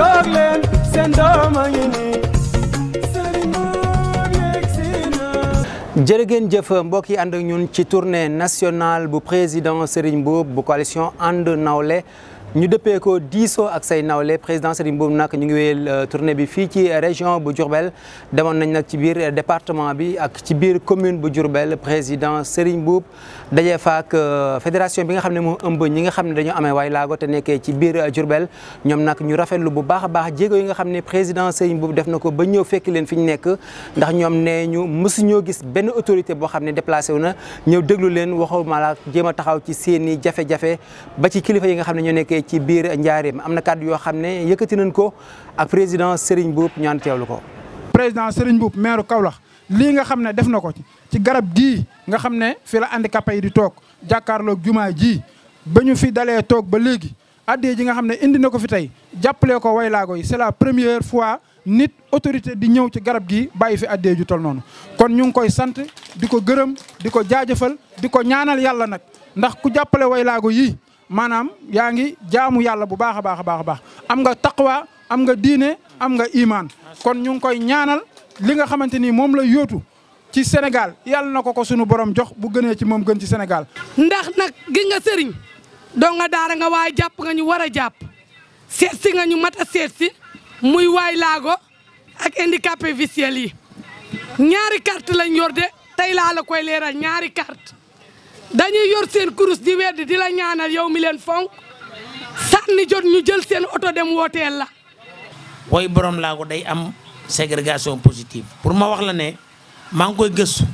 jërgeen leen seen doom jëf mbokk yi ànd ak ñun ci tournée nationale bu président Serigne Mboup bu coalition ànd nawle ñu dëppee ko diisoo ak say nawle président Serigne boobu nag ñu ngi wéyal euh, tournée bi fii ci euh, région bu Diourbel demoon nañ nag ci biir euh, département bi ak ci biir commune bu Diourbel président Serigne Boub dajee fa ak fédération bi nga xam ne moo ëmb ñi nga xam ne dañoo amee waay laago te nekkee ci biir Diourbel ñoom nag ñu rafetlu bu baax a baax jéego yi nga xam ne président Serigne Boub def na ko ba ñëw fekk leen fi ñu nekk ndax ñoom nee ñu mësu ñoo gis benn autorité boo xam ne déplacé wu na ñëw déglu leen waxuma la jéem a taxaw ci seen i jafe foofee ci biir njaareem am na kàddu yoo xam ne yëkkati nañ ko ak président Serigne Mboup ñu ànd teewlu ko. président Serigne Mboup maire Kaolack lii nga xam ne def na ko ci garab gii nga xam ne fi la handicapé yi di toog jàkkaarloog jumaa ji ba ñu fi dalee toog ba léegi addee ji nga xam ne indi na ko fi tey jàppale ko waylaago yi c'est la première fois nit autorité di ñëw ci garab gi bàyyi fi addee ju tol noonu kon ñu ngi koy sant di ko gërëm di ko jaajëfal di ko ñaanal yàlla nag maanaam yaa ngi jaamu yàlla bu baax a baax a baax a baax am nga taqwa am nga diine am nga imaan kon ñu ngi koy ñaanal li nga xamante ni moom la yóotu ci Sénégal yàlla na ko ko sunu borom jox bu gënee ci moom gën ci senegal ndax nag gi nga sëriñ doo nga daara nga waaye jàpp nga ñu war a jàpp seet si nga ñu mat a seet si muy waay laago ak handicapé visuel yi ñaari carte lañ yor de tey laa la koy leeral ñaari carte dañuy yor seen kurus di wedd di la ñaanal yow mi leen fonk sànni jot ñu jël seen oto dem wooteel la. woy borom laago day am ségrégation positive pour ma wax la ne maa ngi koy gëstu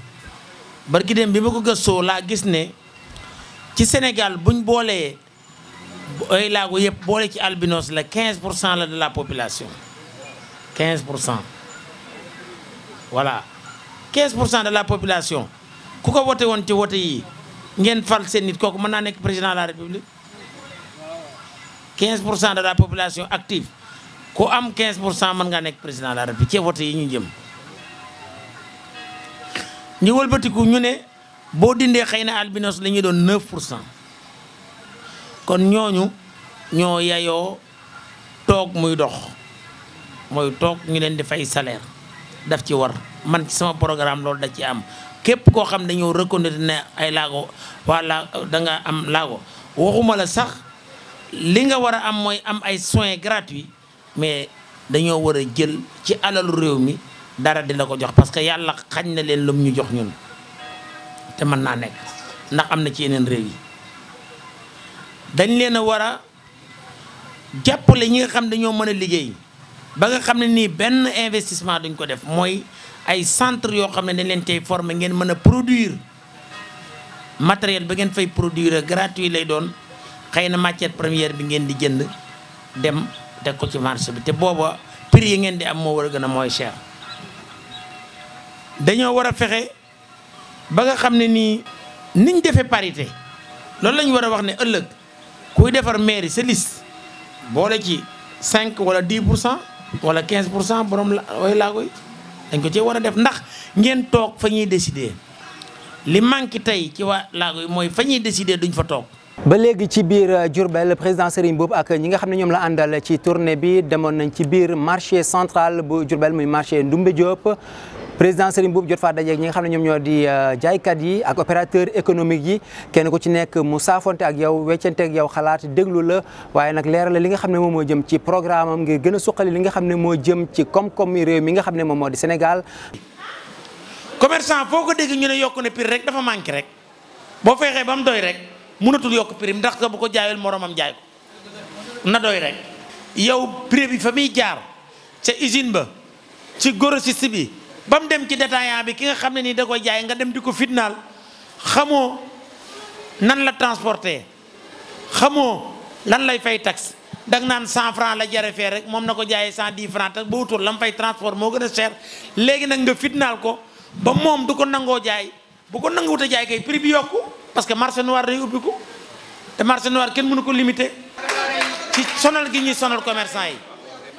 barki dem bi ma ko gëstoo laa gis ne ci senegal buñ boolee woy laago yëpp boole ci albinos la 15 pour cent la de la population 15 pour voilà 15 pour cent de la population ku ko wote woon ci wote yi. ngeen fal seen nit kooku mën naa nekk président de la république 15 de la population active ku am 15 pour cent mën ngaa nekk président de la république ci vote yi ñu jëm. ñu wëlbatiku ñu ne boo dindee xëy na albinos la doon 9 pour cent kon ñooñu ñoo yayoo toog muy dox mooy toog ñu leen di fay salaire daf ci war. man ci sama programme loolu da ci am képp koo xam dañoo reconnaître ne ay laago waa laa da am laago waxuma la sax li nga war a am mooy am ay soins gratuits mais dañoo war a jël ci alalu réew mi dara di la ko jox parce que yàlla xañ na leen lum ñu jox ñun te mën naa nekk ndax am na ci yeneen réew yi dañ leen a war a jàppale ñi nga xam dañoo mën a liggéey ba nga xam ne nii benn investissement duñ ko def mooy ay centre yoo xam ne dañ leen tey former ngeen mën a produire matériel ba ngeen fay produire gratuit lay doon xëy na matière première bi ngeen di jënd dem teg ko ci marché bi te booba prix yi ngeen di am moo war a gën a mooy cher dañoo war a fexe ba nga xam ne nii niñ defee parité loolu lañu war a wax ne ëllëg kuy defar mairie sa liste boole ci cinq wala 10 pour cent wala 15 pour cent borom la way laa koy dañ ko cee war a def ndax ngeen toog fa ñuy décider li manqué tey ci waa laago yi mooy fa ñuy décidé duñ fa toog. ba léegi ci biir euh, Diourbel président Serigne Mboup ak ñi nga xam ne ñoom la àndal ci tournée bi demoon nañ ci biir marché central bu Diourbel muy marché Ndoumbé Diop. président Serigne boobu jot faa dajeeg ñi nga xam ne ñoom ñoo di euh, jaaykat yi ak opérateur économique yi kenn ku ci nekk mu saafonte ak yow weccante ak yow xalaat déglu la waaye nag leeral la li nga xam ne moom moo jëm ci programme am ngir gën a suqali li nga xam ne moo jëm ci koom-koom réew mi nga xam ne moom moo di Sénégal. commerçant foo ko dégg ñu ne yokk ne prix rek dafa manqué rek boo feexee ba mu doy rek mënatul yokk prix ndax bu ko jaayul moromam jaay ko na doy yow prix bi fa muy jaar ca usine ba ci grossiste bi. ba mu dem ci détaillant bi ki nga xam ne nii da koy jaay nga dem di ko fitnaal xamoo nan la transporter xamoo lan lay fay taxe danga naan cent franc la jare fee rek moom na ko jaayee cent dix franc te ba wutul la moo gën a cher léegi nag nga fitnaal ko ba moom du ko nangoo jaay bu ko nanguwut a jaay kay prix bi yokku parce que marché noir day ubbi ko te marché noir kenn mënu ko limité ci sonal gi ñuy sonal commerçant yi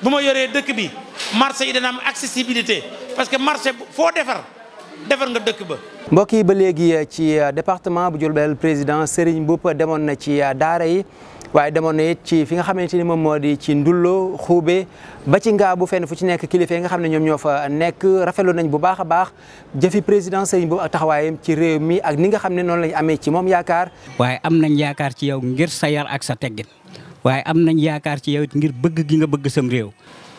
bu ma yoree dëkk bi marché yi dana am accessibilité parce que marché foo defar defar nga dëkk ba. mbokk yi ba léegi ci euh, département bu Diourbel président Serigne Mboup demoon na ci euh, daara yi waaye demoon na it ci fi nga xamante ni moom moo di ci ndullo xuube ba ci ngaa bu fenn fu ci nekk kilifa yi nga xam ne ñoom ñoo fa nekk rafetlu nañ bu baax a baax jëfi président Serigne Mboup ak taxawaayam ci réew mi ak ni nga xam ne noonu lañ amee ci moom yaakaar. waaye am nañ yaakaar ci yow ngir sa yar ak sa teggin waaye am nañ yaakaar ci yow ngir bëgg gi nga bëgg sam réew.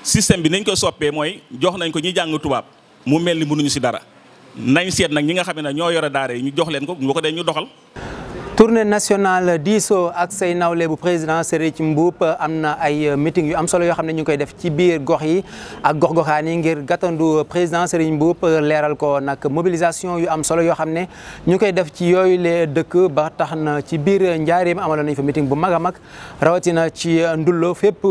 système bi nañ koy soppee mooy jox nañ ko ñi jàng tubaab mu mel ni mënuñu si dara nañ seet nag ñi nga xam ne ñoo yore daare yi ñu jox leen ko bu ko dee ñu doxal. tournée nationale diisoo ak say nawle bu président Serigne Mboup am na ay meeting yu am solo yoo xam ne ñu koy def ci biir gox yi ak gox-goxaan yi ngir gàttandu président Serigne leeral ko nag mobilisation yu am solo yoo xam ne ñu koy def ci yooyu le dëkk ba tax na ci biir njaareem amaloon nañ fa meeting bu mag a mag rawatina ci ndullo fépp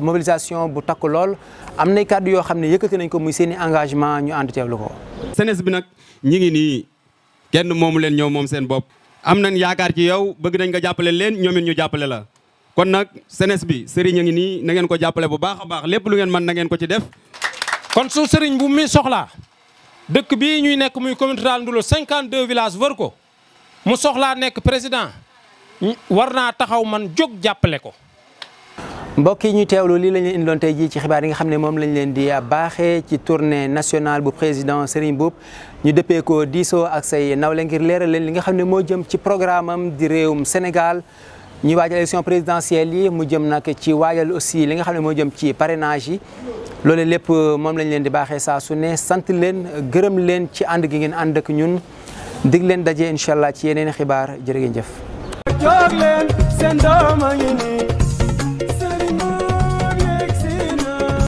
mobilisation bu takk lool am nay kàddu yoo xam ne yëkkati nañ ko muy seen i engagement ñu ànd teewlu ko. senes bi nag ñi ngi nii kenn moomu leen ñëw moom seen bopp. am nañ yaakaar ci yow bëgg nañ nga jàppale leen ñoom it ñu jàppale la kon nag senes bi sëriñ a ngi nii nangeen ko jàppale bu baax a baax lépp lu ngeen mën nangeen ko ci def kon su sëriñ bu muy soxlaa dëkk bii ñuy nekk muy commune rurale Ndoulo 52 villages wër ko mu soxlaa nekk président war naa taxaw man jóg jàppale ko mbokk yi ñu teewlu lii lañ leen indiloon tey jii ci xibaar yi nga xam ne moom lañ leen di baaxee ci tournée nationale bu président Serigne Mboup ñu dëppee ko diisoo ak say nawle ngir leeral leen li nga xam ne moo jëm ci programme am di réewum Sénégal ñuy waajal élection présidentielle yi mu jëm nag ci waajal aussi li nga xam ne moo jëm ci parrainage loole loolu lépp moom lañ leen di baaxee saa su ne sant leen gërëm leen ci ànd gi ngeen ànd ak ñun dig leen daje incha allah ci yeneen xibaar jërë ngeen